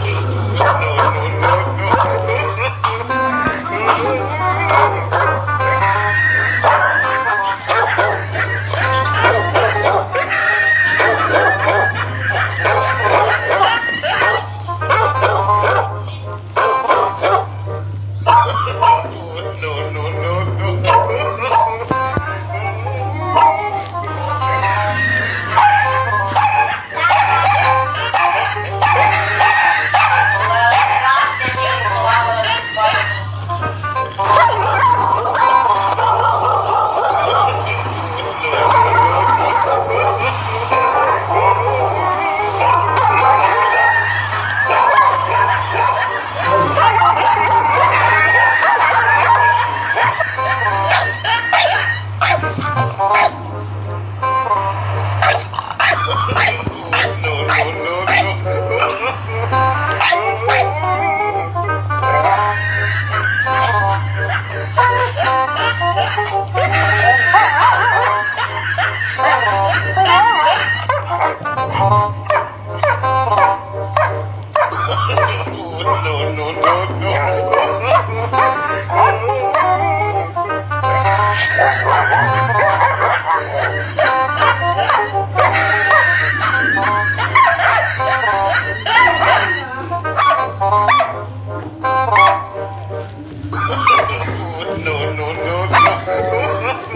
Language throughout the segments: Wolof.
no, no, no. no, no, no.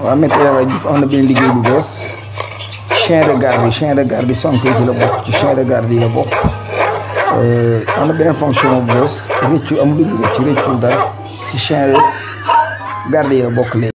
waaw Me Elhadji Diouf am na benn liggéey bu bees chien de garde yi chien de garde yi Sonko ci la bokk ci chien de garde yi la bokk euh, am na beneen fonction bu bees rëccu amul lu rëccu rëccul dara ci chien de garde yi la bokk léegi